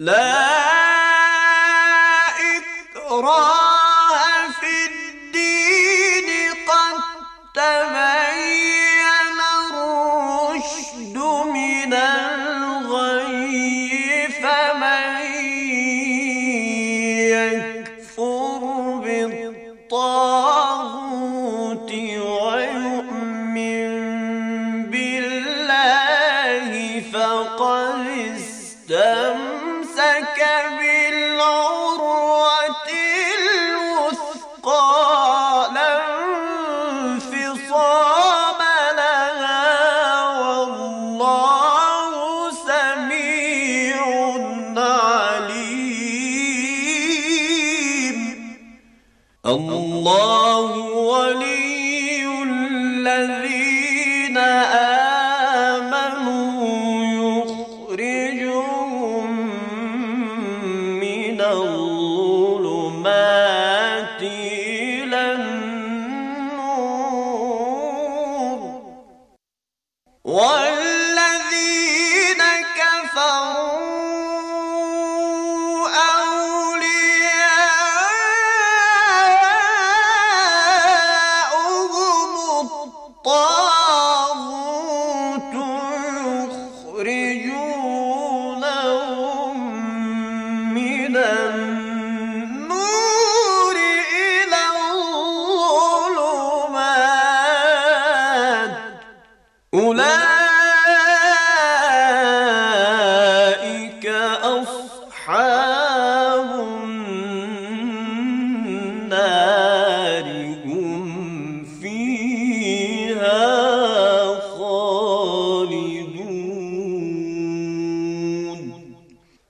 لا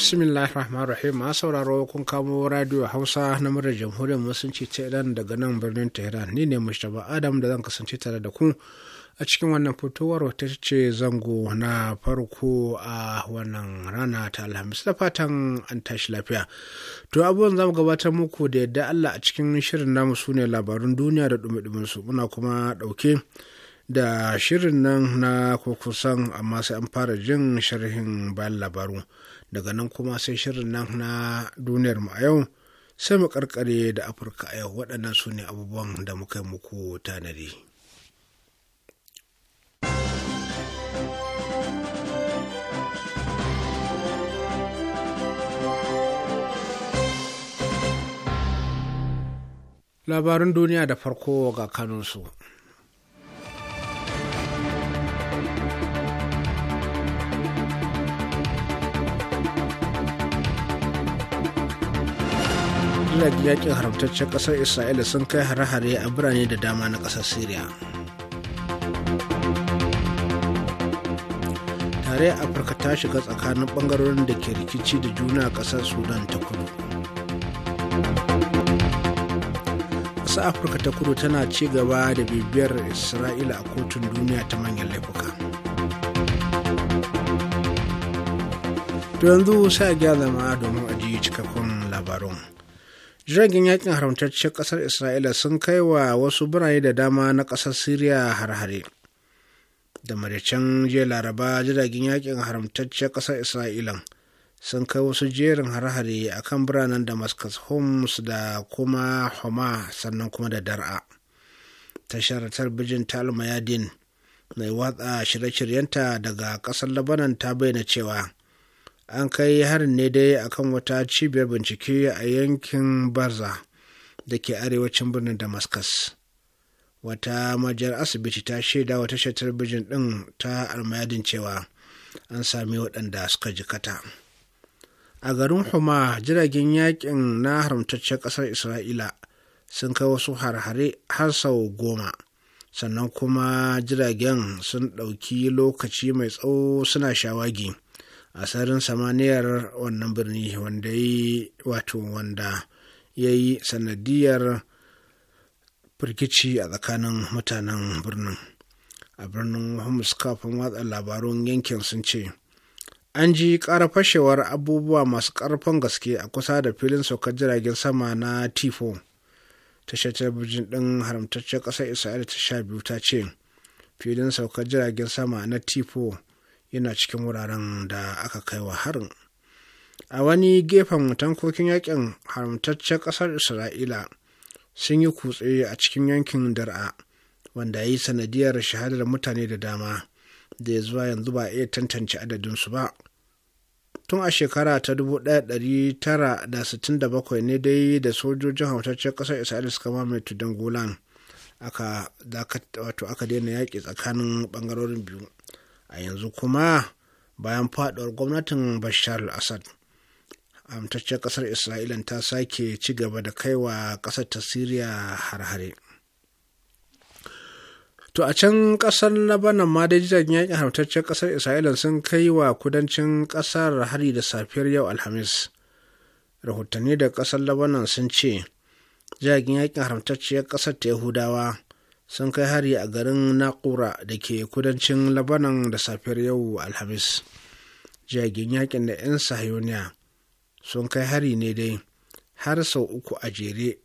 bismillah rahman rahim ma sauraro kun kamo radio hausa na murar jamhuriyar musulunci ta iran daga nan birnin tehran ni ne mustapha adam da zan kasance tare da ku a cikin wannan fitowar wata ce zango na farko a wannan rana ta alhamis da fatan an tashi lafiya to abubuwan zamu gabatar muku da yadda allah a cikin shirin namu su ne labarun duniya da dumi su muna kuma ɗauke da shirin nan na kusan amma sai an fara jin sharhin bayan labaru daga nan kuma sai shirin nan na duniyar mu a yau sai mu karkare da afirka a yau waɗannan su ne abubuwan da muka yi muku tanadi labarin duniya da farko ga kanunsu jiragen yakin haramtaccen ƙasar isra'ila sun kai hare-hare a birane da dama na kasar syria tare afirka ta shiga tsakanin bangarorin da ke rikici da juna a ƙasar sudan ta kudu ƙasar afirka ta kudu tana ci gaba da bibiyar isra'ila a kotun duniya ta manyan laifuka to yanzu sai a gyara zama domin ajiye cikakkun labarun jiragen yakin haramtacciyar kasar isra'ila sun kai wa wasu birane da dama na kasar syria har-hare da maraicen jiya laraba jiragen yakin haramtacciyar kasar Isra'ila sun kai wasu jerin har-hare a kan biranen damascus homs da kuma homa sannan kuma da dar'a tashar talbijin ta almayadin mai watsa shirye-shiryenta daga kasar labanan ta bayyana cewa an kai harin ne dai a kan wata cibiyar bincike a yankin barza da ke arewacin birnin damascus wata majiyar asibiti ta shaida wa tashar talabijin din ta almayadin cewa an sami waɗanda suka jikata a garin huma jiragen yakin na haramtaccen ƙasar isra'ila sun kai wasu harhare har sau goma sannan kuma jiragen sun ɗauki lokaci mai tsawo suna shawagi. a sararin samaniyar wannan birni wanda yi wato wanda ya yi sanadiyar firgici a tsakanin mutanen birnin a birnin Muhammad kafin watsa labarun yankin sun ce an ji ƙara fashewar abubuwa masu ƙarfin gaske a kusa da filin saukar jiragen sama na tifo tashar talabijin ɗin haramtaccen ƙasar isra'ila ta sha biyu ta ce filin saukar jiragen sama na tifo yana cikin wuraren da aka kai wa harin a wani gefen tankokin yakin haramtaccen kasar isra'ila sun yi kutse a cikin yankin dar'a wanda ya yi sanadiyar shahadar mutane da dama da ya zuwa yanzu ba iya tantance adadinsu ba tun a shekara ta 1967 ne dai da sojojin haramtaccen kasar isra'ila suka mamaye tudan golan aka daina yaƙi tsakanin ɓangarorin biyu a yanzu kuma bayan faduwar gwamnatin bashar al-assad amtaccen kasar isra'ila ta sake ci gaba da kaiwa kasar ta siriya har-hare to a can kasar labanan ma dai jiragen yakin haramtaccen kasar isra'ila sun kai wa kudancin kasar hari da safiyar yau alhamis rahotanni da kasar labanan sun ce jiragen yakin haramtacciyar kasar ta yahudawa sun kai hari a garin nakura da ke kudancin labanan da safiyar yau alhamis jagin yakin da 'yan sahiyoniya sun kai hari ne dai har sau uku a jere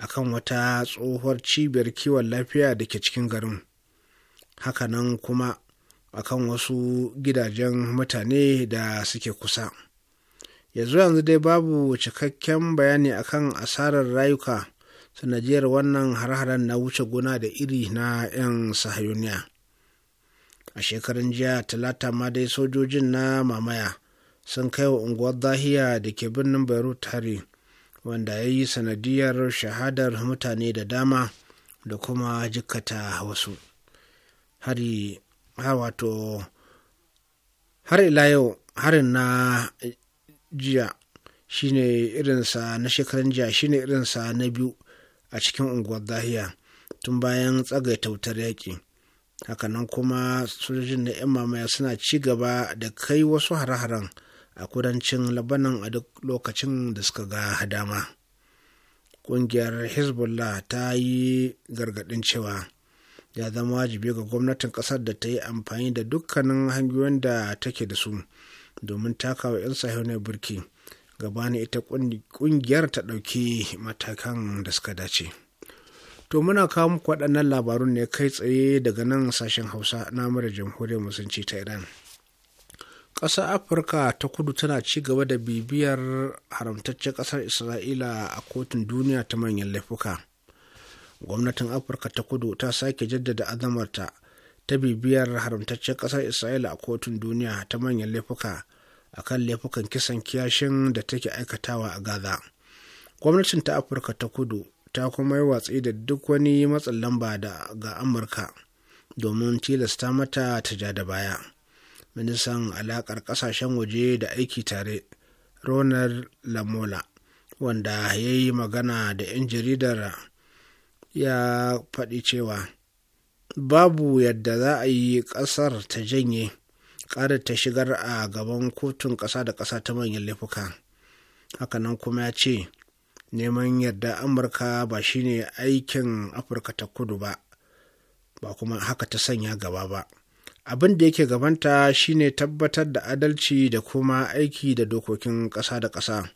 akan wata tsohuwar cibiyar kiwon lafiya da ke cikin garin hakanan kuma akan wasu gidajen mutane da suke kusa yanzu yanzu dai babu cikakken bayani akan asarar rayuka sanadiyar wannan har-haren na wuce gona da iri na 'yan sahayuniya a shekarun jiya talata ma dai sojojin na mamaya sun kai wa unguwar zahiya da ke birnin beirut hari wanda ya yi sanadiyar shahadar mutane da dama da kuma jikata wasu hari har wato har ila yau harin na jiya shine irinsa na shekaran jiya shine irinsa na biyu a cikin unguwar zahiya tun bayan tsagaita wutar yaƙi hakanan kuma sojojin na 'yan mamaya suna ci gaba da kai wasu hare-haren a kudancin labanan a duk lokacin da suka ga hadama. ƙungiyar hezbollah ta yi gargaɗin cewa ya zama wajibi ga gwamnatin ƙasar da ta yi amfani da dukkanin hanyoyin da take da su domin takawa 'yan sahiyar burki gabanin ita kungiyar ta ɗauki matakan da suka dace. To muna kawo muku waɗannan labarun ne kai tsaye daga nan sashen Hausa na mara jamhuriyar musulunci ta Iran. Ƙasar Afirka ta kudu tana ci gaba da bibiyar haramtaccen ƙasar Isra'ila a kotun duniya ta manyan laifuka. Gwamnatin Afirka ta kudu ta sake jaddada azamarta ta bibiyar haramtaccen ƙasar Isra'ila a kotun duniya ta manyan laifuka. a kan laifukan kisan kiyashin da take aikatawa a gaza gwamnatin ta afirka ta kudu ta kuma yi watsi da duk wani matsin lamba da ga amurka domin tilasta mata ta ja da baya ministan alakar kasashen waje da aiki tare ronald lamola wanda ya yi magana da 'yan jaridar ya faɗi cewa babu yadda za a yi ƙasar ta janye ƙara ta shigar a gaban kotun ƙasa da ƙasa ta manyan laifuka hakanan kuma ya ce neman yadda amurka ba shine aikin afirka ta kudu ba ba kuma haka ta sanya gaba ba abin da yake gabanta shine tabbatar da adalci da kuma aiki da dokokin ƙasa da ƙasa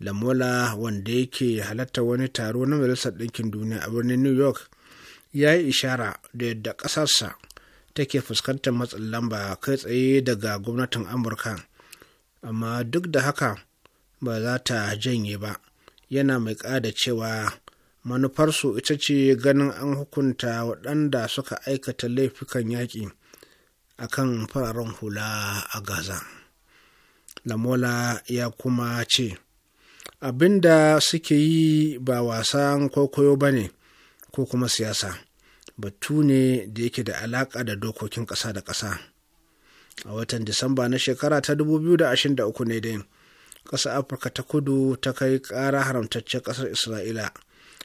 lamola wanda yake halatta wani taro na majalisar ɗinkin duniya a birnin new york ya yi ishara da yadda ƙasarsa take fuskantar matsin lamba kai tsaye daga gwamnatin amurka amma duk da haka ba za ta janye ba yana mai ƙada cewa manufarsu ita ce ganin an hukunta waɗanda suka aikata laifukan yaƙi a kan fararen hula a gaza lamola ya kuma ce abinda suke yi ba wasan kwaikwayo ba ne ko kuma siyasa batu ne da yake da alaƙa da dokokin ƙasa da ƙasa a watan disamba na shekara ta 2023 ne dai ƙasar afirka ta kudu ta kai ƙara haramtaccen ƙasar isra'ila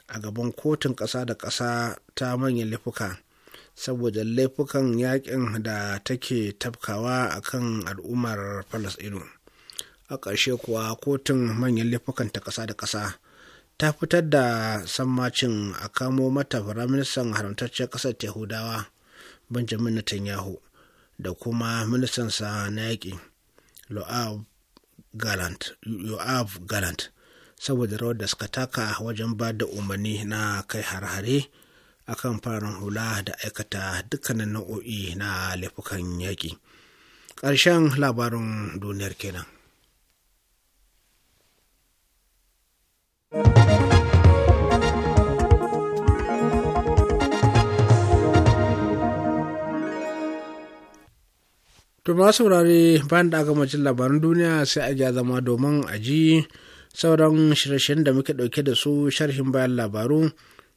a gaban kotun ƙasa da ƙasa ta manyan laifuka saboda laifukan yakin da take tafkawa a kan al'ummar falasɗinu a ƙarshe kuwa kotun manyan laifukan ta ƙasa da ƙasa ta fitar da sammacin a kamo mata firaministan haramtaccen ƙasar yahudawa benjamin netanyahu da kuma ministansa na yaƙi yoav gallant, saboda rawar da suka taka wajen ba da umarni na kai har-hare a kan fararen hula da aikata dukkanin nau'o'i na laifukan yaƙi ƙarshen labarin duniyar kenan To ma saurare bayan da aka mace labaran duniya sai a zama domin a ji sauran shirye-shiryen da muke ɗauke da su sharhin bayan labaru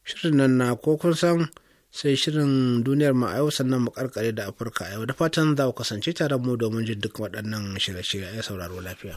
shirin nan na ko kun san sai shirin duniyar ma yau sannan mu karkare da afirka a yau da fatan za ku kasance tare mu domin jin duk waɗannan shirye-shirye a sauraro lafiya.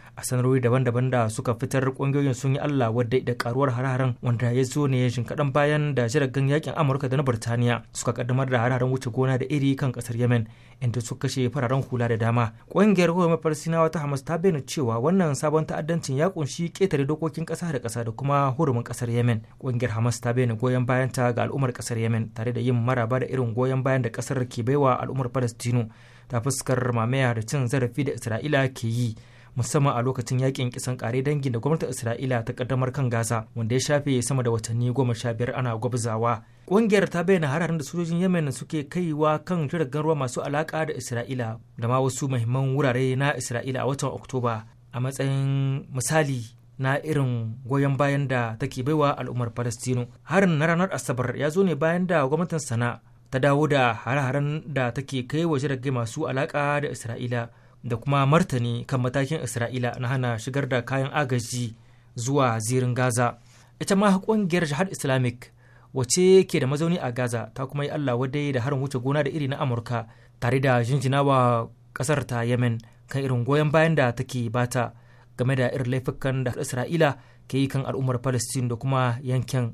a sanarwar daban-daban da suka fitar kungiyoyin sun yi allah wadda da karuwar hare-haren wanda ya zo ne shin kaɗan bayan da jiragen yakin amurka da na birtaniya suka kaddamar da hare-haren wuce gona da iri kan kasar yemen inda suka kashe fararen hula da dama Ƙungiyar hukumar farsinawa ta hamas ta bayyana cewa wannan sabon ta'addancin ya ƙunshi ketare dokokin ƙasa da ƙasa da kuma hurumin ƙasar yemen Ƙungiyar hamas ta bayyana goyon ta ga al'ummar ƙasar yemen tare da yin maraba da irin goyon bayan da ƙasar ke baiwa al'ummar palestino ta fuskar mamaya da cin zarafi da isra'ila ke yi musamman a lokacin yakin kisan kare dangi da gwamnatin isra'ila ta kaddamar kan gaza wanda ya shafe sama da watanni goma sha biyar ana gwabzawa ƙungiyar ta bayyana hararin da sojojin yemen suke kaiwa kan jiragen ruwa masu alaka da isra'ila da ma wasu muhimman wurare na isra'ila a watan oktoba a matsayin misali na irin goyon bayan da take baiwa al'ummar palestino harin na ranar asabar ya zo ne bayan da gwamnatin sana ta dawo da hare-haren da take kai wa jirage masu alaka da isra'ila da kuma martani kan matakin isra'ila na hana shigar da kayan agaji zuwa zirin gaza ita ma ƙungiyar jihar islamic wace ke da mazauni a gaza ta kuma yi allah wadai da harin wuce gona da iri na amurka tare da jinjinawa ƙasar ta yemen kan irin goyon bayan da take bata game da irin laifukan da isra'ila ke yi kan al'ummar palestine da kuma yankin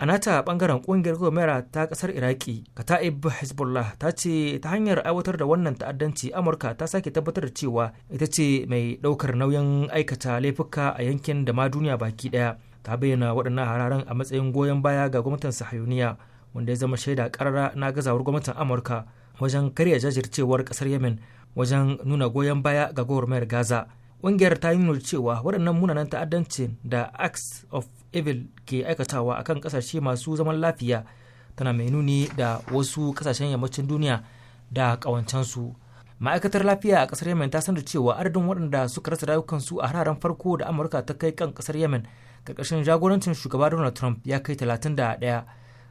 a nata bangaren kungiyar gomera ta kasar iraki kata'ib hezbollah ta ce ta hanyar aiwatar da wannan ta'addanci amurka ta sake tabbatar da cewa ita ce mai daukar nauyin aikata laifuka a yankin da ma duniya baki daya ta bayyana waɗannan hararen a matsayin goyon baya ga gwamnatin sahayuniya wanda ya zama shaida karara na gazawar gwamnatin amurka wajen karya jajircewar kasar yemen wajen nuna goyon baya ga gwamnatin gaza ƙungiyar ta yi nuna cewa waɗannan munanan ta'addancin da acts of evil ke aikatawa akan kasashe masu zaman lafiya tana mai nuni da wasu kasashen yammacin duniya da kawancansu ma'aikatar lafiya a kasar yemen ta sanar cewa adadin waɗanda suka rasa rayukansu a hararen farko da amurka ta kai kan kasar yemen ƙarƙashin jagorancin shugaba donald trump ya kai 31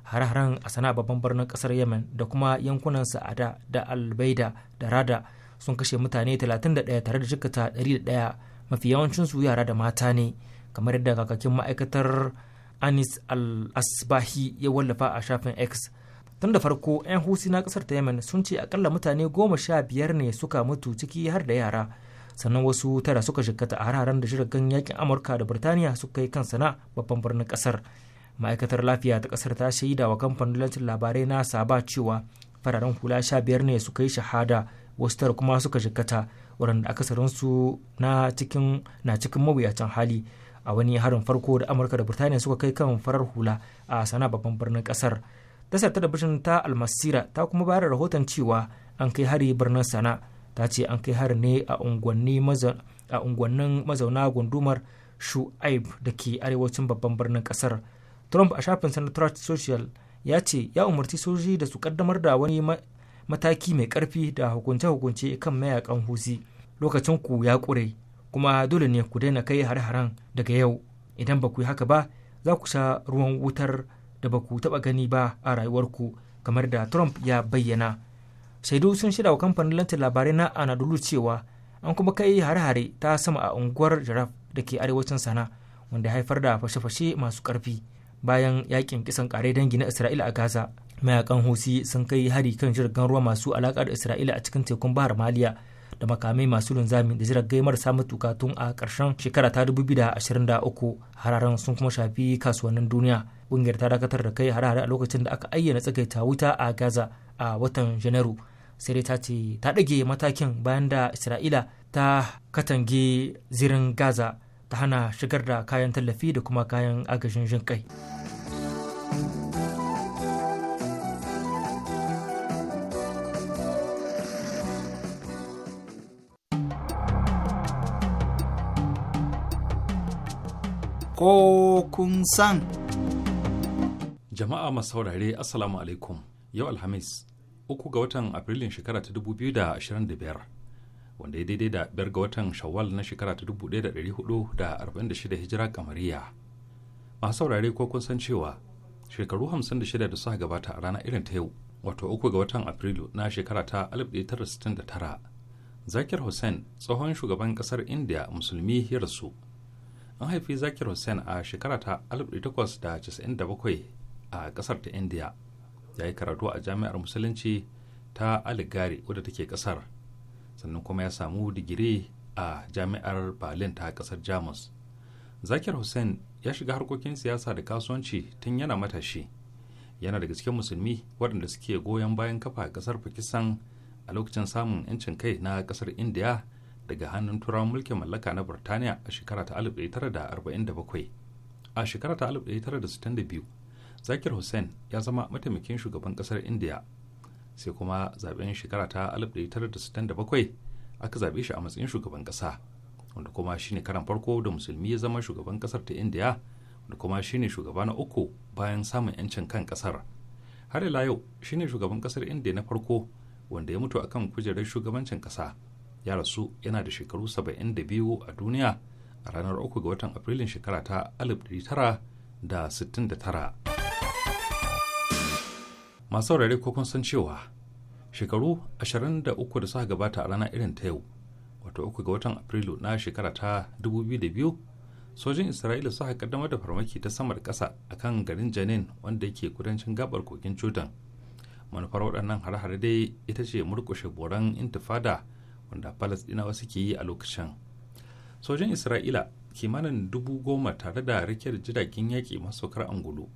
hare haren a sana babban birnin kasar yemen da kuma yankunan sa'ada da albaida da rada sun kashe mutane 31 tare da jikata 101 mafi yawancinsu yara da mata ne kamar yadda kakakin ma'aikatar anis al-asbahi ya wallafa a shafin x tun da farko 'yan husi na kasar ta yemen sun ce akalla mutane goma sha biyar ne suka mutu ciki har da yara sannan wasu tara suka shirkata a hararen da shirgan yakin amurka da birtaniya suka yi kan na babban birnin kasar ma'aikatar lafiya ta kasar ta shaida wa kamfanin labarai na saba cewa fararen hula sha biyar ne suka yi shahada wasu tara kuma suka shirkata waɗanda akasarinsu na cikin mawuyacin hali a wani harin farko da amurka da burtaniya suka kai kan farar hula a sana babban birnin kasar tasar talabijin ta almasira ta kuma bayar da rahoton cewa an kai hari birnin sana ta ce an kai hari ne a unguwannin mazauna gundumar shu'aib da ke arewacin babban birnin kasar trump a shafin sanatorat social ya ce ya umarci sojoji da su kaddamar da wani mataki mai karfi da hukunce-hukunce kan mayakan huzi lokacin ku ya kure kuma dole ne ku daina kai har-haren daga yau idan ba ku yi haka ba za ku sha ruwan wutar da ba ku taɓa gani ba a rayuwarku kamar da trump ya bayyana shaidu sun shida wa kamfanin lantin labarai na anadolu cewa an kuma kai hare-hare ta sama a unguwar jaraf da ke arewacin sana wanda haifar da fashe-fashe masu ƙarfi bayan yakin kisan kare dangi na isra'ila a gaza mayakan hosi sun kai hari kan jirgin ruwa masu alaƙa da isra'ila a cikin tekun bahar maliya da makamai masu linzami da jiragai marasa matuka tun a ƙarshen shekara ta 2023 hararen sun kuma shafi kasuwannin duniya ƙungiyar ta dakatar da kai harare a lokacin da aka ayyana tsakaita wuta a gaza a watan janairu sai dai ta ce ta ɗage matakin bayan da isra'ila ta katange zirin gaza ta hana shigar da kayan tallafi da kuma kayan agajin jin kai. ko kun san. Jama'a masu saurare Assalamu alaikum yau Alhamis uku ga watan Afrilun shekara ta 2025 wanda ya daidai da biyar ga watan Shawwal na shekara ta 1446 hijira kamariya. Masu saurare ko kun san cewa shekaru 56 da suka gabata a rana irin ta yau wato uku ga watan Afrilu na shekara ta 1969 Zakir Hussain tsohon shugaban kasar India musulmi ya rasu. an haifi zakir hussain a shekara ta 1897 a kasar ta india ya yi karatu a jami'ar musulunci ta aligari wadda take kasar sannan kuma ya samu digiri a jami'ar berlin ta kasar jamus zakir hussain ya shiga harkokin siyasa da kasuwanci tun yana matashi yana daga cikin musulmi waɗanda suke goyon bayan kafa kasar pakistan a lokacin samun 'yancin kai na kasar india daga hannun turawan mulkin mallaka na burtaniya a shekara ta 1947 a shekara ta 1962 zakir Hussain ya zama mataimakin shugaban kasar Indiya sai kuma zaben shekara ta 1967 aka zabe shi a matsayin shugaban kasa wanda kuma shine karan farko da musulmi ya zama shugaban kasar ta Indiya wanda kuma shine shugaba na uku bayan samun 'yancin kan kasar har ila yau shine shugaban kasar india na farko wanda ya mutu akan kujerar shugabancin kasa ya rasu yana da shekaru 72 a duniya a ranar 3 ga watan Afrilun shekara ta 1969. Masu saurare ko san cewa shekaru 23 da suka gabata a ranar irin ta yau, wato 3 ga watan Afrilu na shekara ta 2002, sojin Isra'ila suka kaddamar da farmaki ta samar kasa a kan garin Janin wanda yake kudancin gabar kogin Jordan. manufar waɗannan hare-hare dai ita ce murkushe boran intifada wanda falasɗinawa suke yi a lokacin sojin isra'ila kimanin dubu goma tare da rikiyar jiragen yaƙi saukar angulu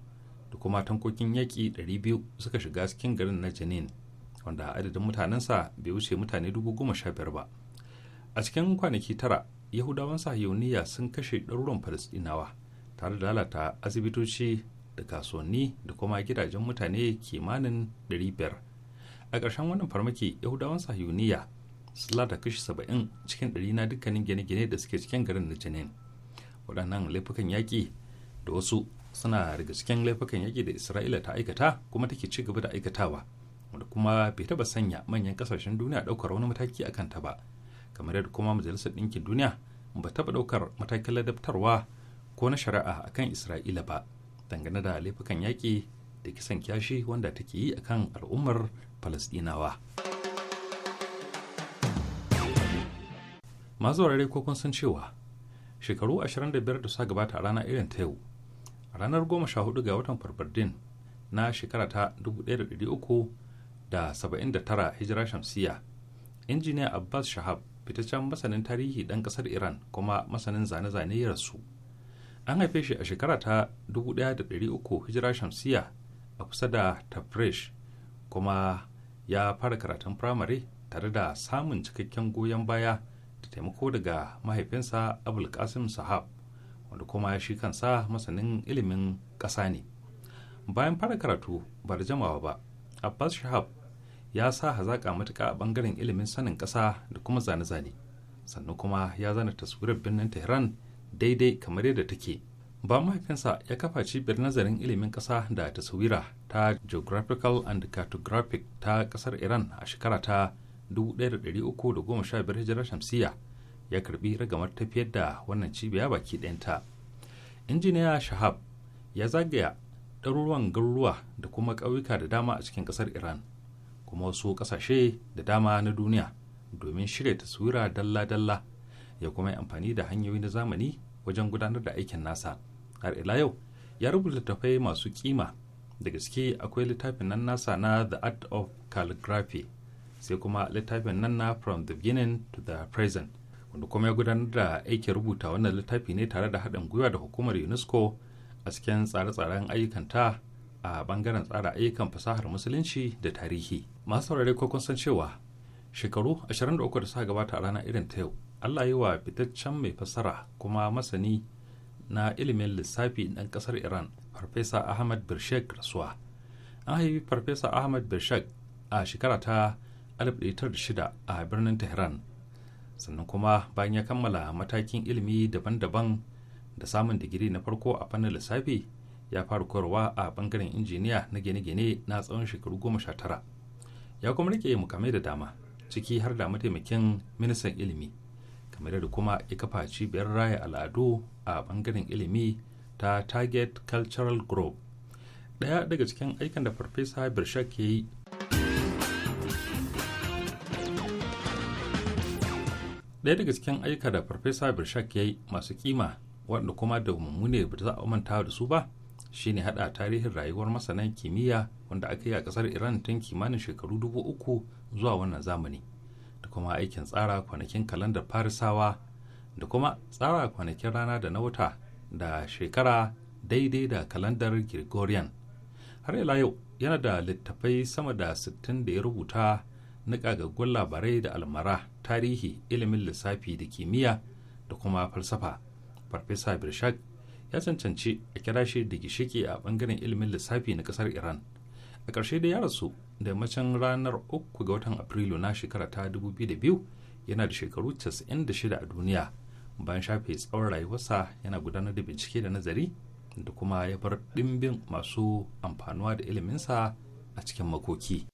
da kuma tankokin yaƙi 200 suka shiga cikin garin na janin wanda adadin mutanensa bai wuce mutane dubu goma sha biyar ba a cikin kwanaki tara yahudawan sahiyoniya sun kashe ɗaruran falasɗinawa tare da lalata asibitoci da kasuwanni da kuma gidajen mutane kimanin biyar a ƙarshen wannan farmaki yahudawan sahiyoniya sula da kashi saba'in cikin ɗari na dukkanin gine-gine da suke cikin garin na janin waɗannan laifukan yaƙi da wasu suna daga cikin laifukan yaƙi da isra'ila ta aikata kuma take ci gaba da aikatawa wanda kuma bai taɓa sanya manyan ƙasashen duniya ɗaukar wani mataki akan ta ba kamar yadda kuma majalisar ɗinkin duniya ba taɓa ɗaukar matakin ladabtarwa ko na shari'a akan isra'ila ba dangane da laifukan yaƙi da kisan kyashi wanda take yi akan al'ummar falasɗinawa. masu wurare ko kun san cewa shekaru 25 da sa gabata a rana irin ta yau a ranar 14 ga watan farfardin na shekara ta 1379 hijira shamsiya injiniya abbas shahab fitaccen masanin tarihi dan kasar iran kuma masanin zane-zane ya rasu an haife shi a shekara ta 1300 hijira shamsiya a kusa da tafresh kuma ya fara karatun firamare tare da samun cikakken goyon baya da taimako daga mahaifinsa abul kasim sahab wanda kuma ya shi kansa masanin ilimin ƙasa ne bayan fara karatu ba da jamawa ba abbas shahab ya sa hazaƙa matuka a ɓangaren ilimin sanin ƙasa da kuma zane-zane sannan kuma ya zana taswirar birnin tehran daidai kamar yadda take ba mahaifinsa ya kafa cibiyar nazarin ilimin ƙasa da taswira ta geographical and cartographic ta ƙasar iran a shekara ta 1315 hijirar shamsiyya ya karbi ragamar tafiyar da wannan cibiya baki ɗayanta injiniya shahab ya zagaya ɗaruruwan garuruwa da kuma ƙauyuka da dama a cikin ƙasar iran kuma wasu ƙasashe da dama na duniya domin shirya taswira dalla-dalla ya kuma yi amfani da hanyoyi na zamani wajen gudanar da aikin nasa har ila yau ya rubuta littattafai masu kima da gaske akwai littafin nan nasa na the art of calligraphy sai kuma littafin nan na from the beginning to the present wanda kuma ya gudanar da aikin rubuta wannan littafi ne tare da haɗin gwiwa da hukumar unesco a cikin tsare-tsaren ayyukanta a bangaren tsara ayyukan fasahar musulunci da tarihi masu saurare ko kun san cewa shekaru 23 da suka gabata a ranar irin ta yau allah yi wa fitaccen mai fasara kuma masani na ilimin lissafi ɗan ƙasar iran farfesa ahmad birshek rasuwa an haifi farfesa ahmad birshek a shekara ta 1906 a birnin tehran sannan kuma bayan ya kammala matakin ilimi daban-daban da samun digiri na farko a fannin lissafi ya fara koyarwa a bangaren injiniya na gine-gine na tsawon shekaru goma sha tara ya kuma rike mukamai da dama ciki har da mataimakin ministan ilimi kamar da kuma ya kafa cibiyar raya al'adu a bangaren ilimi ta target cultural group daya daga cikin aikin da farfesa birshak ke yi ɗaya daga cikin aika da farfesa birshak ya yi masu kima waɗanda kuma da mummune ba za a manta da su ba shine haɗa tarihin rayuwar masanan kimiyya wanda aka yi a ƙasar iran tun kimanin shekaru dubu uku zuwa wannan zamani da kuma aikin tsara kwanakin kalandar farisawa da kuma tsara kwanakin rana da na wuta da shekara daidai da kalandar gregorian har ila yau yana da littafai sama da sittin da ya rubuta ga ƙagaggun labarai da almara tarihi ilimin lissafi da kimiyya da kuma falsafa farfesa birshak ya cancanci a kira shi da gishiki a bangaren ilimin lissafi na ƙasar iran a ƙarshe da ya rasu da macen ranar 3 ga watan afrilu na shekara ta 2002 yana da shekaru 96 a duniya bayan shafe tsawon rayuwarsa yana gudanar da bincike da nazari da kuma ya bar dimbin masu amfanuwa da iliminsa a cikin makoki.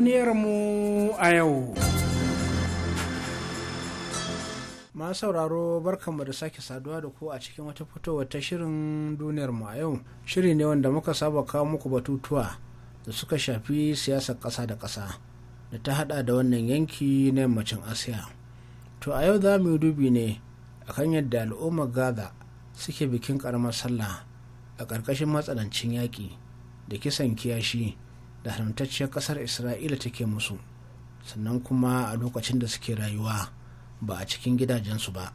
mu a yau. Ma sauraro barkanmu da sake saduwa da ku a cikin wata fitowar ta shirin duniyar mu a yau. Shiri ne wanda muka saba kawo muku batutuwa da suka shafi siyasar ƙasa da ƙasa da ta hada da wannan yanki na yammacin Asiya. To a yau za mu yi dubi ne akan yadda al'ummar Gaza suke bikin ƙaramar sallah a ƙarƙashin matsanancin yaƙi da kisan kiyashi. da haramtacciyar ƙasar isra'ila take musu sannan kuma a lokacin da suke rayuwa ba a cikin gidajensu ba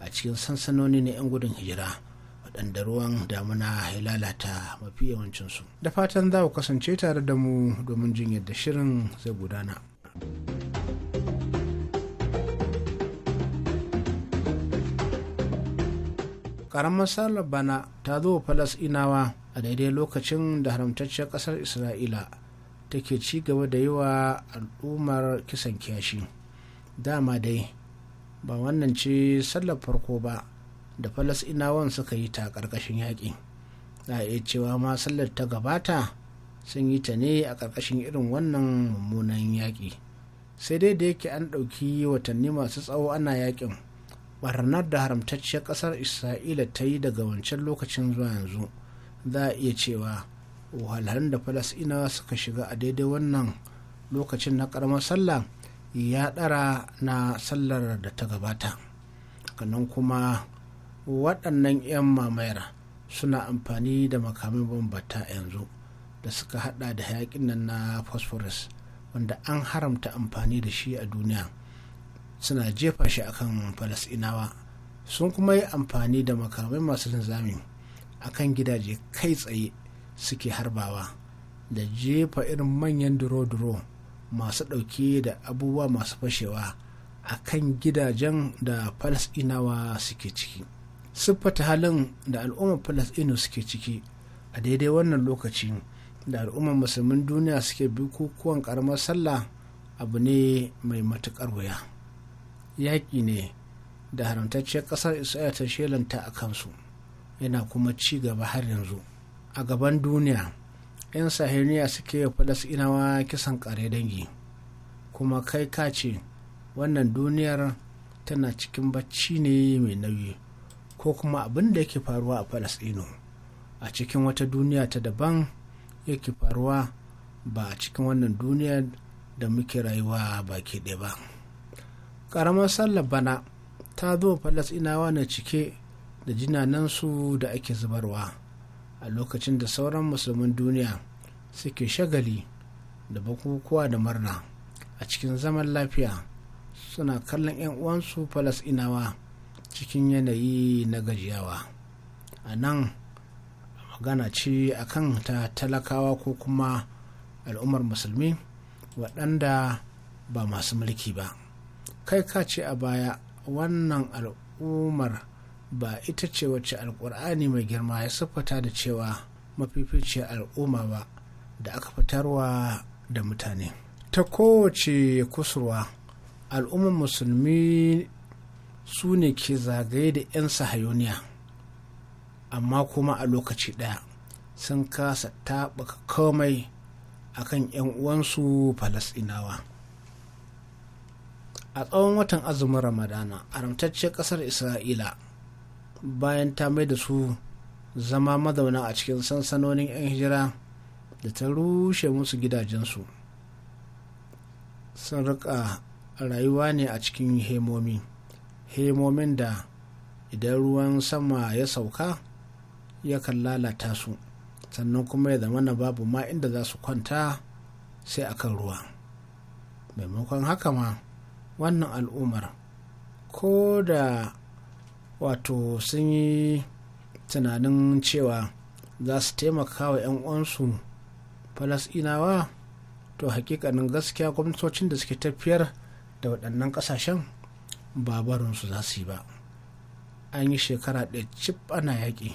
a cikin sansanoni na 'yan gudun hijira waɗanda ruwan damuna ya lalata mafi yawancinsu da fatan za ku kasance tare da mu domin jin yadda shirin zai gudana. karamar sallar bana ta zo inawa a daidai lokacin da haramtacciyar ƙasar isra'ila take ci gaba da yi wa al'ummar kisan kiyashi dama dai ba wannan ce sallar farko ba da falasinawan suka yi ta ƙarƙashin yaƙi za a iya cewa ma sallar ta gabata sun yi ta ne a ƙarƙashin irin wannan mummunan yaƙi sai dai da yake an ɗauki watanni masu tsawo ana yaƙin barnar da haramtacciyar ƙasar isra'ila ta yi daga wancan lokacin zuwa yanzu za a iya cewa wahalhalun da falasinawa suka shiga a daidai wannan lokacin na karamar sallah ya ɗara na sallar da ta gabata kanan kuma waɗannan 'yan mamayar suna amfani da makamin bambata yanzu da suka hada da hayakin nan na phosphorus wanda an haramta amfani da shi a duniya suna jefa shi akan falasinawa sun kuma yi amfani da makamai masu linzami akan gidaje kai tsaye suke harbawa da jefa irin manyan duro-duro masu ɗauke da abubuwa masu fashewa a kan gidajen da falasɗinawa suke ciki siffata halin da al'ummar falasino suke ciki a daidai wannan lokaci da al'ummar musulmin duniya suke bukukuwan ƙaramar sallah abu ne mai matuƙar wuya yaƙi ne da haramtacciyar ƙasar isra'ila ta shelanta a kansu yana kuma ci gaba har yanzu a gaban duniya 'yan sahiriya suke inawa kisan kare dangi kuma kai ka ce wannan duniyar tana cikin bacci ne mai nauyi ko kuma abin da yake faruwa a falasino a cikin wata duniya ta daban yake faruwa ba a cikin wannan duniya da muke rayuwa baki ɗaya ba ƙaramar sallar bana ta zo falasɗinawa na cike da jinanansu da ake zubarwa a lokacin da sauran musulman duniya suke shagali da bukukuwa da murna a cikin zaman lafiya suna kallon 'yan uwansu falasinawa cikin yanayi na gajiyawa a nan magana ce a kan ta talakawa ko kuma al'ummar musulmi waɗanda ba masu mulki ba kai ka ce a baya wannan al'ummar ba ita ce wacce alkur'ani mai girma ya siffata da cewa mafificiyar al'umma ba da aka fitarwa da mutane ta kowace kusurwa al'ummar musulmi su ne ke zagaye da 'yan sahayoniya amma kuma a lokaci ɗaya sun kasa taɓaka komai akan 'yan uwansu falasɗinawa a tsawon watan azumin ramadana haramtacciyar ƙasar isra'ila bayan ta mai da su zama mazauna a cikin sansanonin 'yan hijira da ta rushe musu gidajensu sun rika rayuwa ne a cikin hemomi hemomin da idan ruwan sama ya sauka yakan lalata su sannan kuma ya zama na babu ma inda za su kwanta sai akan ruwa maimakon haka ma wannan al'ummar ko da wato sun yi tunanin cewa za su taimaka wa 'yan uwansu falasinawa to hakikanin gaskiya gwamnatocin da suke tafiyar da waɗannan ƙasashen babarinsu za su yi ba an yi shekara ɗaya cip ana yaƙi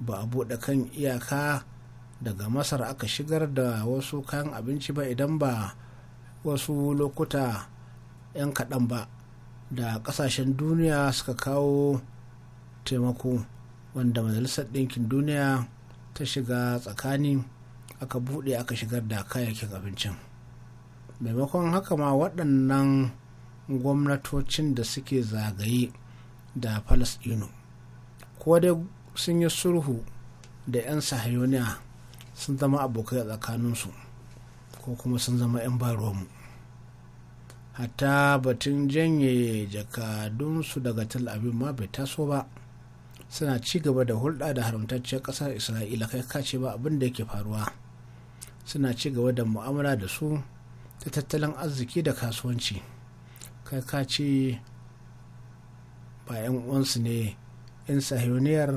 ba a buɗe kan iyaka daga masar aka shigar da wasu kayan abinci ba idan ba wasu lokuta 'yan kaɗan ba da kasashen duniya suka kawo taimako wanda majalisar ɗinkin duniya ta shiga tsakani aka buɗe aka shigar da kayayyakin abincin maimakon haka ma waɗannan gwamnatocin da suke zagaye da falasɗinu ko dai sun yi sulhu da 'yan sahayoniya sun zama abokai a tsakaninsu ko kuma sun zama 'yan mu. hatta batun janye jakadunsu daga tel aviv ma bai taso ba suna ci gaba da hulɗa da haramtacciyar ƙasar isra'ila kai kace ba abin da yake faruwa suna ci gaba da mu'amala da su ta tattalin arziki da kasuwanci kai kace ba 'yan uwansu ne 'yan sahiyoniyar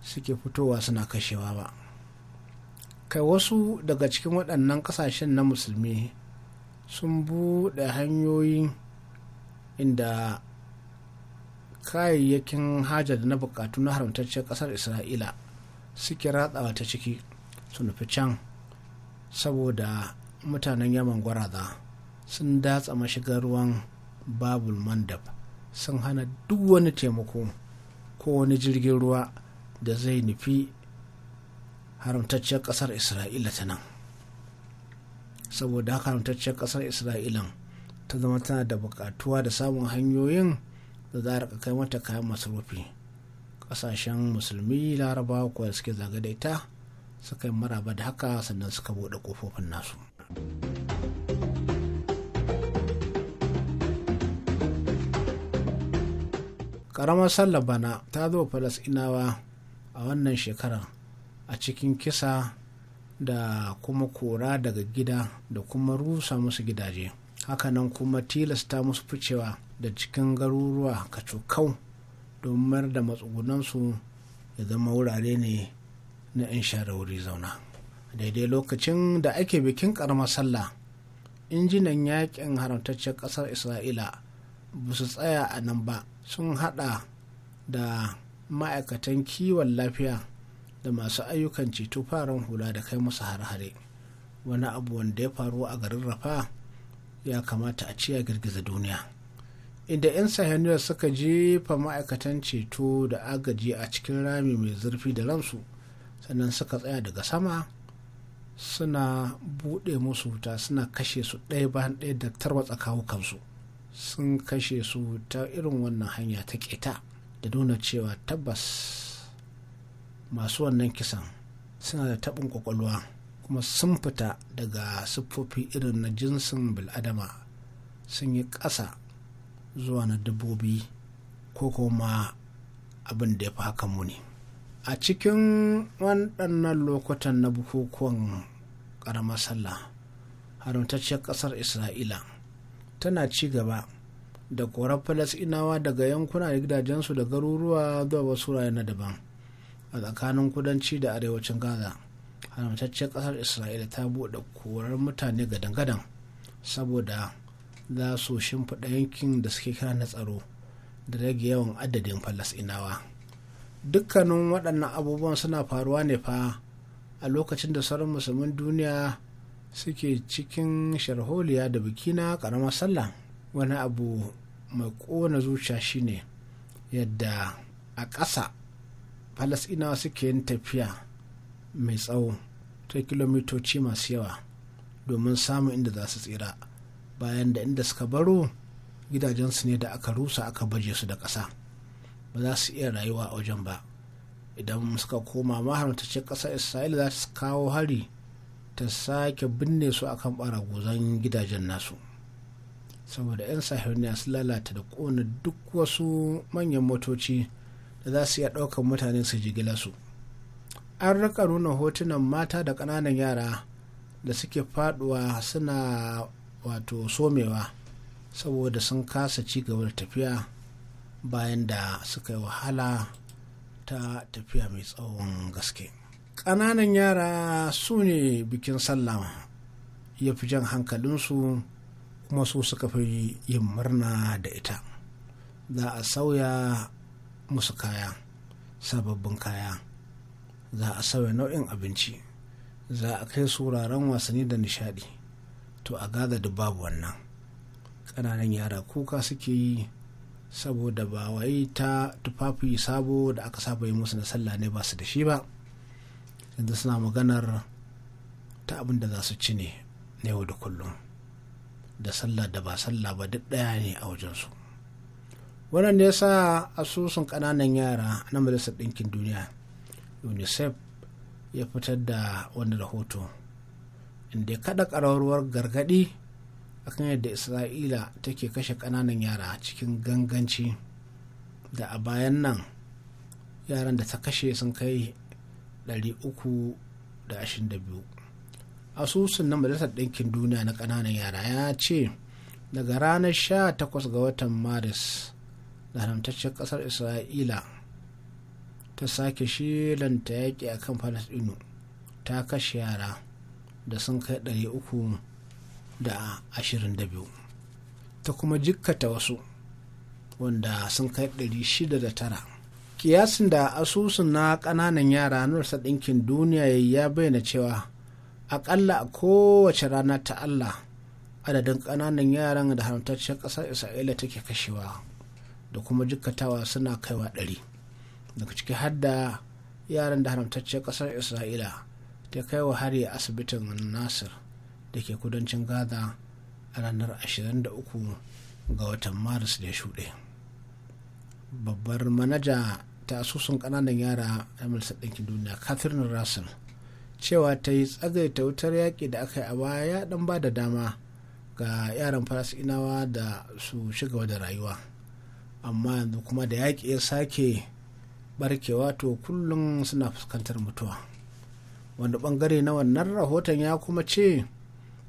suke fitowa suna kashewa ba kai wasu daga cikin waɗannan ƙasashen na musulmi sun buɗe hanyoyi inda kayayyakin hajar da na bukatu na haramtacciyar ƙasar isra'ila suke ratsawa ta ciki su nufi can saboda mutanen yaman gwaraza sun datsa mashigar ruwan babul mandab sun hana duk wani taimako ko wani jirgin ruwa da zai nufi haramtacciyar ƙasar isra'ila ta nan saboda haka haramtacciyar kasar isra'ilan ta zama tana da bukatuwa da samun hanyoyin da za a kai mata kayan masarufi kasashen musulmi larabawa kuwa suke ita suka yi maraba da haka sannan suka buɗe kofofin nasu. karamar sallar bana ta zo falasinawa a wannan shekarar a cikin kisa da kuma kora daga gida da kuma rusa musu gidaje hakanan kuma tilasta musu ficewa da cikin garuruwa kacokau domin mayar da matsugunansu ya zama wurare ne na 'yan share wuri zauna daidai lokacin da ake bikin karamar sallah injinan yakin haramtaccen kasar isra'ila ba su tsaya a nan ba sun hada da ma'aikatan kiwon lafiya da masu ayyukan ceto faran hula da kai musu har-hare wani abu wanda ya faru a garin rafa ya kamata a ciya girgiza duniya inda 'yan sahaniyar suka jefa ma'aikatan ceto da agaji a cikin rami mai zurfi da ransu sannan suka tsaya daga sama suna buɗe musu wuta suna kashe su ɗaya bayan ɗaya da tarwatsa kawukansu sun kashe su ta irin wannan hanya ta keta da nuna cewa tabbas masu wannan kisan suna da taɓin ƙwaƙwalwa kuma sun fita daga siffofi irin na jinsin bil'adama sun yi ƙasa zuwa na dabbobi ko kuma abin da ya fi haka muni a cikin waɗannan lokutan na bukukuwan ƙaramar sallah haramtacciyar ƙasar isra'ila tana ci gaba da korar falasinawa daga yankuna da gidajensu da garuruwa zuwa wasu na daban a tsakanin kudanci da arewacin gaza haramtacciyar kasar isra'ila ta buɗe korar mutane gadan-gadan saboda za su shimfiɗa yankin da suke kira na tsaro da rage yawan adadin falasinawa dukkanin waɗannan abubuwan suna faruwa ne fa a lokacin da sauran musulmin duniya suke cikin sharholiya da bikina na ƙaramar sallah wani abu mai ƙona zuciya shine yadda a ƙasa falasɗinawa suke yin tafiya mai tsawo ta kilomitoci masu yawa domin samun inda za su tsira bayan da inda suka baro gidajensu ne da aka rusa aka baje su da ƙasa ba za su iya rayuwa a wajen ba idan suka koma ce ƙasar isra'ila za su kawo hari ta sake binne su akan baragozan gidajen nasu saboda 'yan sahirniya su lalata da kona duk wasu manyan motoci da za su iya ɗaukan mutane su jigila su an rika nuna hotunan mata da ƙananan yara da suke faduwa suna wato somewa saboda sun kasa ci gaba da tafiya bayan da suka yi wahala ta tafiya mai tsawon gaske ƙananan yara su ne bikin sallah ya fi jan hankalinsu kuma su suka fi yin murna da ita za a sauya musu kaya sababbin kaya za a sauya nau'in abinci za a kai su wuraren wasanni da nishadi to a gaza da babu wannan ƙananan yara kuka suke yi saboda ba wai ta tufafi sabo da aka saba yi musu na sallah ne ba su da shi ba yanzu suna maganar ta abin da za su ci ne na yau da kullum da sallah da ba sallah ba duk ɗaya ne a wajensu. wannan ne sa asusun ƙananan yara na majalisar ɗinkin duniya unicef ya fitar da wani rahoto inda ya kaɗa ƙararruwar gargaɗi kan yadda isra'ila take kashe ƙananan yara cikin ganganci da a bayan nan yaran da ta kashe sun kai 322 asusun na majalisar ɗinkin duniya na ƙananan yara ya ce daga ranar 18 ga watan maris da kasar isra'ila ta sake shilanta yaƙi a kan palestino ta kashe yara da sun kai ɗari uku ta kuma jikkata wasu wanda sun kai ɗari tara kiyasin da asusun na kananan yara nursa ɗinkin duniya ya bayyana cewa aƙalla a kowace rana ta allah adadin kananan yaran da haramtaccen ƙasar isra'ila take kashewa da kuma jikkatawa suna kaiwa ɗari daga ciki har da yaran da haramtacciyar ƙasar isra'ila ta kai wa hari asibitin nasir da ke kudancin gaza a ranar 23 ga watan maris da ya shuɗe babbar manaja ta asusun ƙananan yara a milisar ɗinkin duniya catherine russell cewa ta yi tsagaita wutar yaƙi da aka yi a baya ya ɗan ba da dama ga yaran falasɗinawa da su shiga da rayuwa amma yanzu kuma da yaƙi ya sake barkewa to kullum suna fuskantar mutuwa wani bangare na wannan rahoton ya kuma ce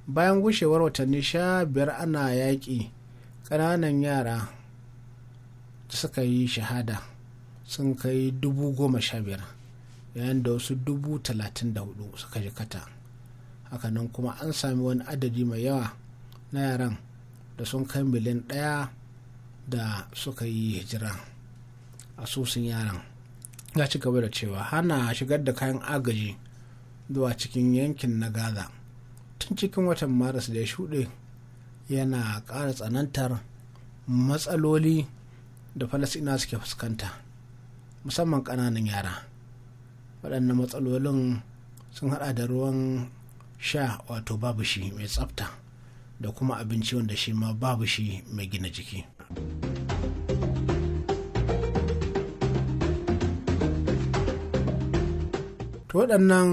bayan gushewar watanni sha biyar ana yaƙi ƙananan yara suka yi shahada sun kai dubu goma sha biyar yayin da wasu dubu talatin da hudu suka jikata hakanan kuma an sami wani adadi mai yawa na yaran da sun kai miliyan ɗaya da suka yi hijira asusun yaran ya ci gaba da cewa hana shigar da kayan agaji zuwa cikin yankin na gaza tun cikin watan maris da ya shuɗe yana ƙara tsanantar matsaloli da falasina suke fuskanta musamman ƙananan yara waɗannan matsalolin sun haɗa da ruwan sha wato babu shi mai tsafta da kuma abinci wanda shi ma babu shi mai gina jiki waɗannan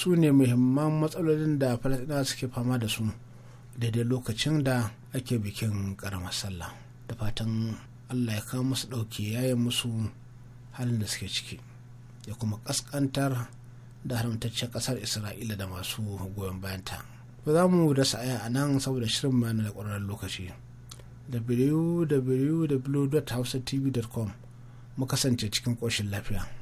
su ne muhimman matsalolin da falasɗinawa suke fama da su daidai lokacin da ake bikin ƙaramar sallah da fatan allah ya kawo musu ɗauki yayin musu halin da suke ciki ya kuma ƙasƙantar da haramtaccen ƙasar isra'ila da masu goyon bayanta ba za mu da sa'aya a nan saboda shirin mana da ƙwararren lokaci www.hausatv.com mu kasance cikin ƙoshin lafiya.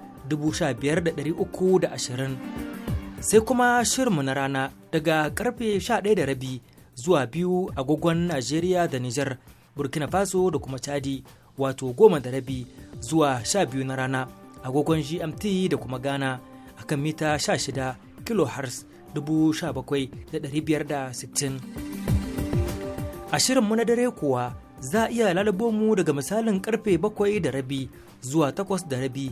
ashirin sai kuma shirmu na rana daga karfe 11:00 zuwa biyu agogon Najeriya da Nijar Burkina Faso da kuma Chadi wato goma da rabi zuwa sha na rana agogon GMT da kuma Ghana akan mita 16 kilohertz 17,560 a shirinmu na dare kuwa za a iya lalabo mu daga misalin karfe bakwai da rabi zuwa takwas da rabi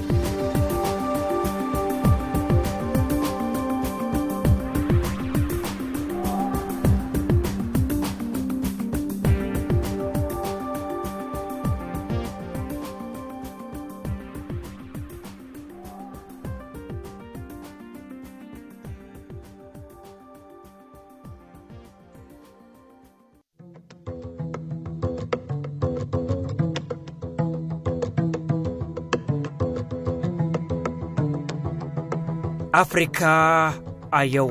Afirka a yau.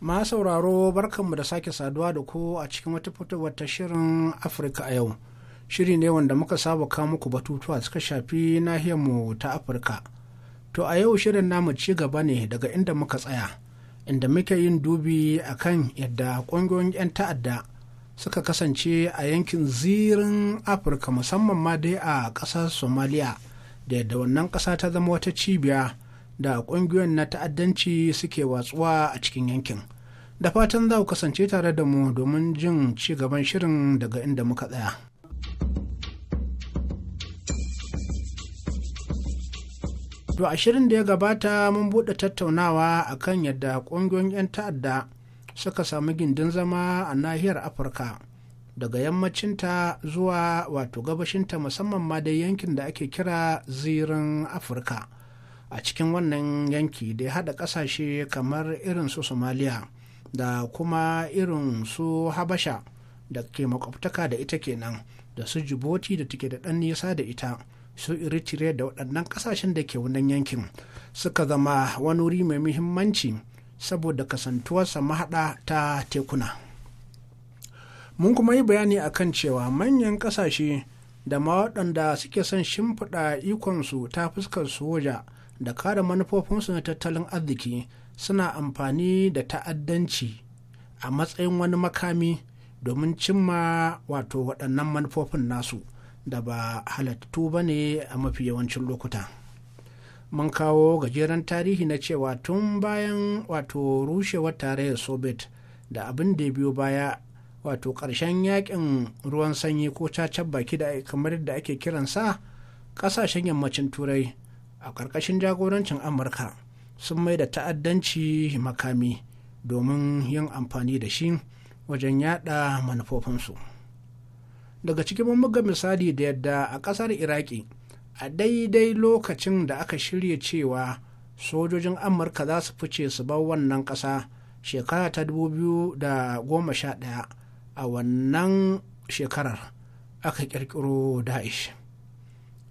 Ma sauraro barkanmu da sake saduwa da ku a cikin wata fitowar ta shirin Afirka a yau. Shiri ne wanda muka saba kawo muku batutuwa suka shafi nahiyarmu ta Afirka. To a yau shirin namu ci gaba ne daga inda muka tsaya, inda muke yin dubi akan yadda ƙungiyoyin 'yan ta'adda suka kasance a yankin zirin afirka musamman ma dai a ƙasar somaliya da yadda wannan ƙasa ta zama wata cibiya da ƙungiyoyin na ta'addanci suke watsuwa a cikin yankin da fatan za ku kasance tare da mu domin jin ci gaban shirin daga inda muka tsaya to a shirin da ya gabata mun buɗe tattaunawa akan yadda ƙungiyoyin 'yan ta'adda suka samu gindin zama a nahiyar afirka daga yammacinta zuwa wato gabashinta musamman ma da yankin da ake kira zirin afirka a cikin wannan yanki da ya haɗa ƙasashe kamar irin su somaliya da kuma irin su habasha da ke makwabtaka da ita kenan da su jiboti da take da ɗan nisa da ita su eritrea da waɗannan ƙasashen da ke wannan yankin suka zama wani wuri mai muhimmanci saboda kasantuwarsa mahaɗa ta tekuna mun kuma yi bayani a kan cewa manyan ƙasashe da ma waɗanda suke son shimfiɗa ikonsu ta fuskar soja da kada manufofinsu na tattalin arziki suna amfani da ta'addanci a matsayin wani makami domin cimma wato waɗannan manufofin nasu da ba halattu ba ne a mafi yawancin lokuta. mun kawo gajeren tarihi na cewa tun bayan wato rushewar tarayyar soviet da abin da biyo baya wato ƙarshen yakin ruwan sanyi ko cacen baki da kamar da ake kiransa ƙasashen yammacin turai a ƙarƙashin jagorancin amurka sun mai da ta'addanci makami domin yin amfani da shi wajen yada manufofinsu daga cikin mummuga misali da yadda a ƙasar iraki a daidai lokacin da aka shirya cewa sojojin amurka za su fice su bar wannan ƙasa shekara ta 2011 a wannan shekarar aka kirkiro da'ish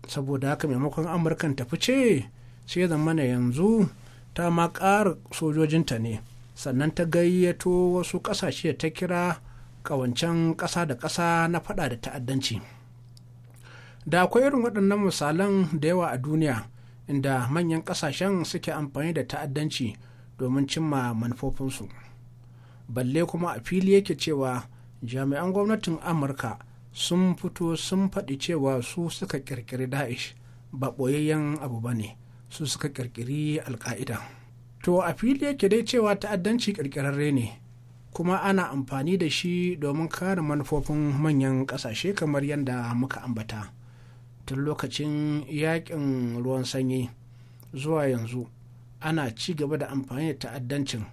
saboda haka maimakon amurkan ta fice sai zamana yanzu ta ma ƙara sojojinta ne sannan ta gayyato wasu ƙasashe ta kira ƙawancen ƙasa da ƙasa na faɗa da ta'addanci. da akwai irin waɗannan misalan da yawa a duniya inda manyan ƙasashen suke amfani da ta'addanci domin cimma manufofinsu balle kuma a fili yake cewa jami'an gwamnatin amurka sun fito sun faɗi cewa su suka ƙirƙiri da'ish ba ɓoyayyen abu ba ne su suka ƙirƙiri alka'ida to a fili yake dai cewa ta'addanci ƙirƙirarre ne kuma ana amfani da shi domin kare manufofin manyan ƙasashe kamar yadda muka ambata tun lokacin yakin ruwan sanyi zuwa yanzu ana ci gaba da amfani da ta'addancin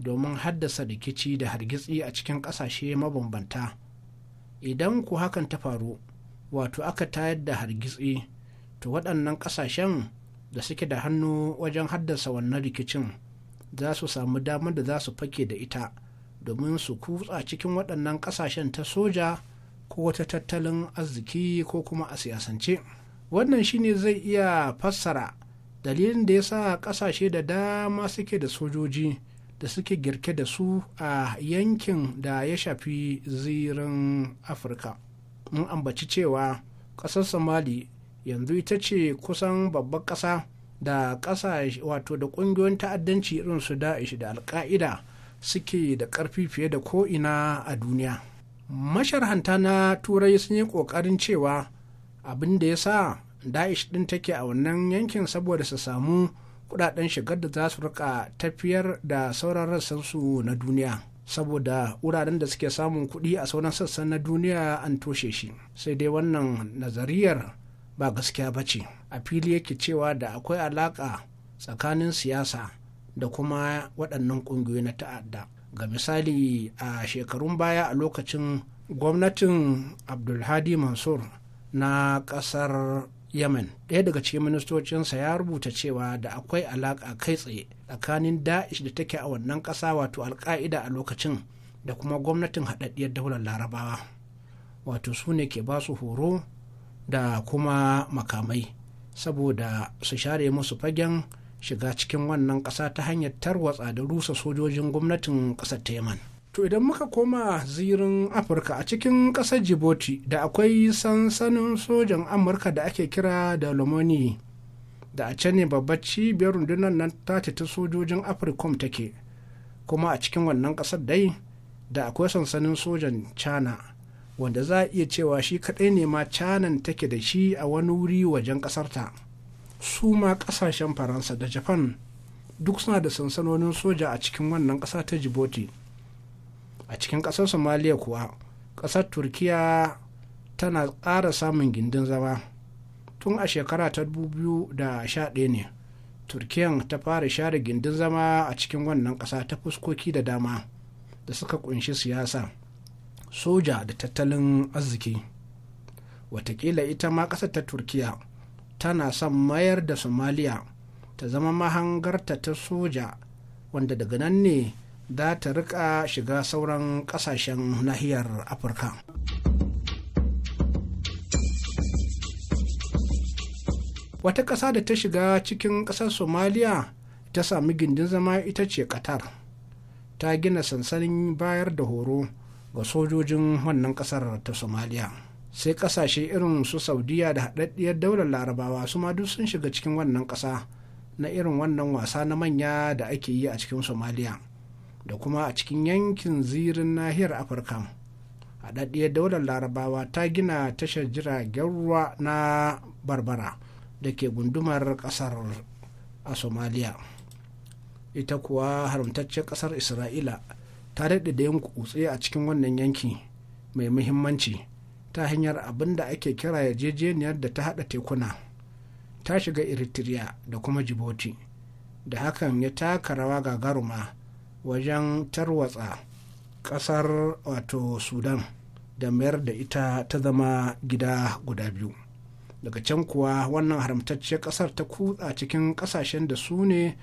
domin haddasa rikici da hargitsi a cikin ƙasashe mabambanta idan ku hakan ta faru wato aka tayar da hargitsi to waɗannan ƙasashen da suke da hannu wajen haddasa wannan rikicin za su samu damar da za su fake da ita domin su kutsa cikin waɗannan ƙasashen ta soja ko wata tattalin arziki ko kuma a siyasance wannan shine zai iya fassara dalilin da ya sa kasashe da dama suke da sojoji da suke girke da su a yankin da ya shafi zirin afirka mun ambaci cewa ƙasar somali yanzu ita ce kusan babbar ƙasa da ƙasa wato da ƙungiyoyin ta'addanci irin su da'ish da alka'ida suke da ƙarfi fiye da ko'ina a duniya masharhanta na turai sun yi ƙoƙarin cewa abin da ya sa da'ish ɗin take a wannan yankin saboda su samu kudaden shigar da za su rika tafiyar da sauran rassansu na duniya saboda wuraren da suke samun kuɗi a sauran sassan na duniya an toshe shi sai dai wannan nazariyar ba gaskiya ba ce a fili yake cewa da akwai alaƙa tsakanin siyasa da kuma waɗannan ƙungiyoyi na ta'adda ga misali a shekarun baya a lokacin gwamnatin abdulhadi mansur na kasar yemen ɗaya daga cikin ministocinsa ya rubuta cewa da akwai alaƙa kai tsaye tsakanin da'ish da take a wannan ƙasa wato alka'ida a lokacin da kuma gwamnatin haɗaɗɗiyar daular larabawa wato su ne ke basu horo da kuma makamai saboda su share musu fagen shiga cikin wannan ƙasa ta hanyar tarwatsa da rusa sojojin gwamnatin ƙasar teman to idan muka koma zirin afirka a cikin ƙasar djibouti da akwai sansanin sojan amurka da ake kira da lomoni da a can ne babbar cibiyar rundunar nan ta ta sojojin afirkom take kuma a cikin wannan ƙasar dai da akwai sansanin sojan Cana wanda za a iya cewa shi kaɗai ne ma canan take da shi a wani wuri wajen ƙasarta. ta su ma kasashen faransa da japan duk suna da sansanonin soja a cikin wannan kasa ta djibouti a cikin ƙasar somaliya kuwa ƙasar turkiya tana ƙara samun gindin zama tun a shekara ta dubu da 2011 ne turkiyan ta fara share gindin zama a cikin wannan kasa ta fuskoki da dama da suka kunshi siyasa soja da tattalin arziki watakila ita ma ƙasar ta turkiya tana son mayar da somaliya ta zama mahangarta ta soja wanda daga nan ne za ta rika shiga sauran kasashen nahiyar afirka wata ƙasa da ta shiga cikin ƙasar somaliya ta sami gindin zama ita ce qatar ta gina sansanin bayar da horo ga sojojin wannan ƙasar ta somaliya sai kasashe irin su saudiya da haɗaɗɗiyar daular larabawa su ma duk sun shiga cikin wannan ƙasa na irin wannan wasa na manya da ake yi a cikin somaliya da kuma a cikin yankin zirin nahiyar afirka haɗaɗɗiyar daular larabawa ta gina tashar jiragen ruwa na barbara da ke gundumar ƙasar a somaliya ita kuwa haramtaccen ƙasar isra'ila ta daɗe da yin kutse a cikin wannan yanki mai muhimmanci ta hanyar abin da ake kira yarjejeniyar da ta haɗa tekuna ta shiga eritrea da kuma djibouti da hakan ya taka rawa gagaruma wajen tarwatsa ƙasar wato sudan da mayar da ita ta zama gida guda biyu daga can kuwa wannan haramtacciyar ƙasar ta kutsa cikin ƙasashen da su ne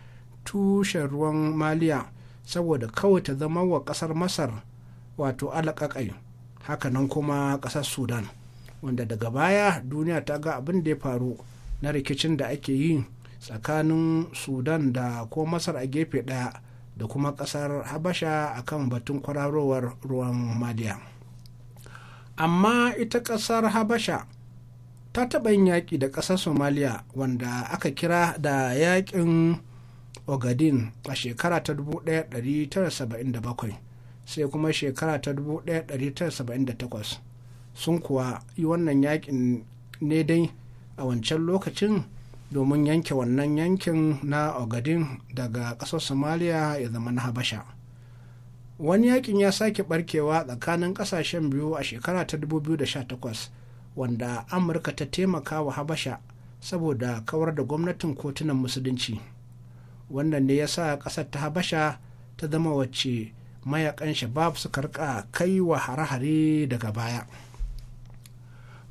tushen ruwan maliya saboda kawai ta zama wa ƙasar masar wato alaƙaƙai hakanan kuma ƙasar sudan wanda daga baya duniya ta ga abin da ya faru na rikicin da ake yi tsakanin sudan da ko masar a gefe daya da kuma ƙasar habasha a kan batun kwararowar ruwan maliya amma ita ƙasar habasha ta taɓa yin yaƙi da ƙasar somaliya wanda aka kira da yaƙin ogadin a shekara ta 1977 sai kuma shekara ta 1978 sun kuwa yi wannan yakin ne dai a wancan lokacin domin yanke wannan yankin na ogadin daga ƙasar somalia ya zama na habasha wani yakin ya sake barkewa tsakanin ƙasashen biyu a shekara ta 2018 wanda amurka ta taimaka wa habasha saboda kawar da gwamnatin kotunan musulunci wannan ne ya sa ƙasar ta habasha ta zama wacce mayakan shabab suka rika kai wa hare-hare daga baya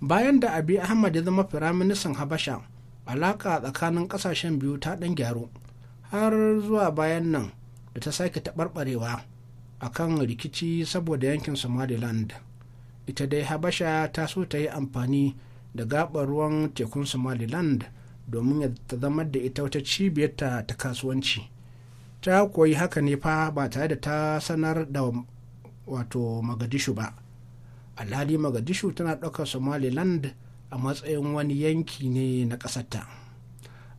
bayan da abi ahmad ya zama firaministan habasha alaka tsakanin kasashen biyu ta dan gyaru har zuwa bayan nan da ta sake taɓarɓarewa a kan rikici saboda yankin somaliland ita dai habasha ta so ta yi amfani da gabar ruwan tekun somaliland domin ya ta zama da ita wata cibiyarta ta kasuwanci ta koyi haka ne fa ba tare da ta sanar da wato magadishu ba alhali magadishu tana ɗaukar somaliland a matsayin wani yanki ne na ƙasarta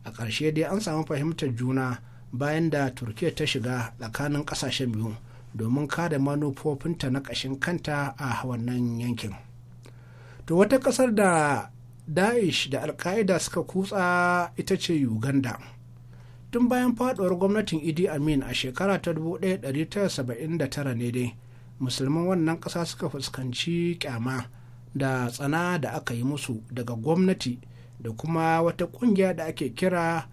a ƙarshe dai an samu fahimtar juna bayan da turkiya ta shiga tsakanin ƙasashen biyu domin kare manufofinta na ƙashin kanta a wannan yankin to wata ƙasar da daesh da alka'ida suka kutsa ita ce uganda tun bayan faduwar gwamnatin idi amin a shekara ta 1979 ne dai musulman wannan ƙasa suka fuskanci kyama da tsana da aka yi musu daga gwamnati da kuma wata ƙungiya da ake kira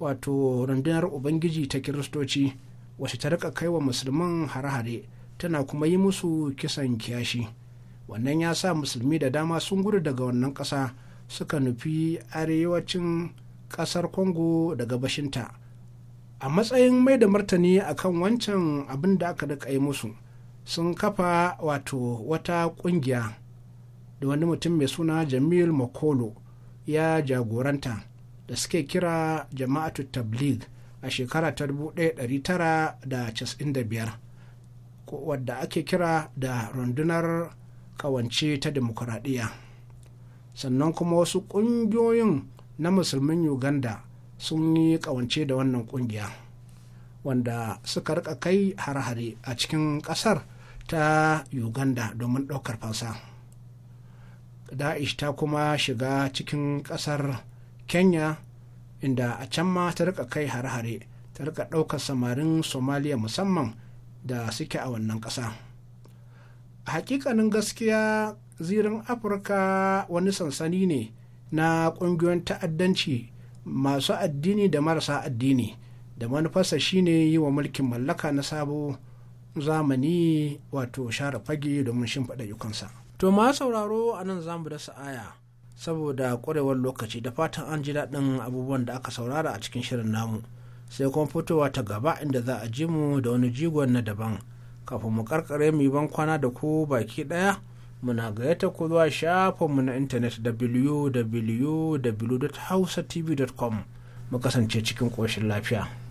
wato rundunar ubangiji ta kiristoci wacce ta rika kai wa musulman hare-hare tana kuma yi musu kisan kiyashi wannan ya sa musulmi da dama sun gudu daga wannan ƙasa suka nufi arewacin ƙasar congo da gabashinta a matsayin mai da martani akan wancan abin da aka da yi musu sun kafa wato wata kungiya da wani mutum mai suna jamil makolo ya jagoranta da suke kira jama'atu tablig a shekara ta 1995 wadda ake kira da rundunar kawance ta demokuraɗiyya sannan kuma wasu ƙungiyoyin na musulmin uganda sun yi kawance da wannan kungiya wanda suka rika kai har hare a cikin kasar ta uganda domin ɗaukar fansa da'ish ta kuma shiga cikin kasar kenya inda a can ma ta rika kai har hare ta rika ɗaukar samarin somaliya musamman da suke a wannan ƙasa hakikanin gaskiya zirin afirka wani sansani ne na ƙungiyoyin ta'addanci masu addini da marasa addini da manufarsa shine yi wa mulkin mallaka na sabo zamani wato share fage domin shimfiɗa yukansa. To ma sauraro a nan za mu da sa'aya saboda ƙwarewar lokaci da fatan an ji daɗin abubuwan da aka saurara a cikin shirin namu sai kuma fitowa ta gaba inda za a ji mu da wani jigon na daban kafin mu karkare mu ban kwana da ku baki ɗaya. muna gayyata ku zuwa shafinmu na intanet www.hausatv.com mu kasance cikin ƙoshin lafiya.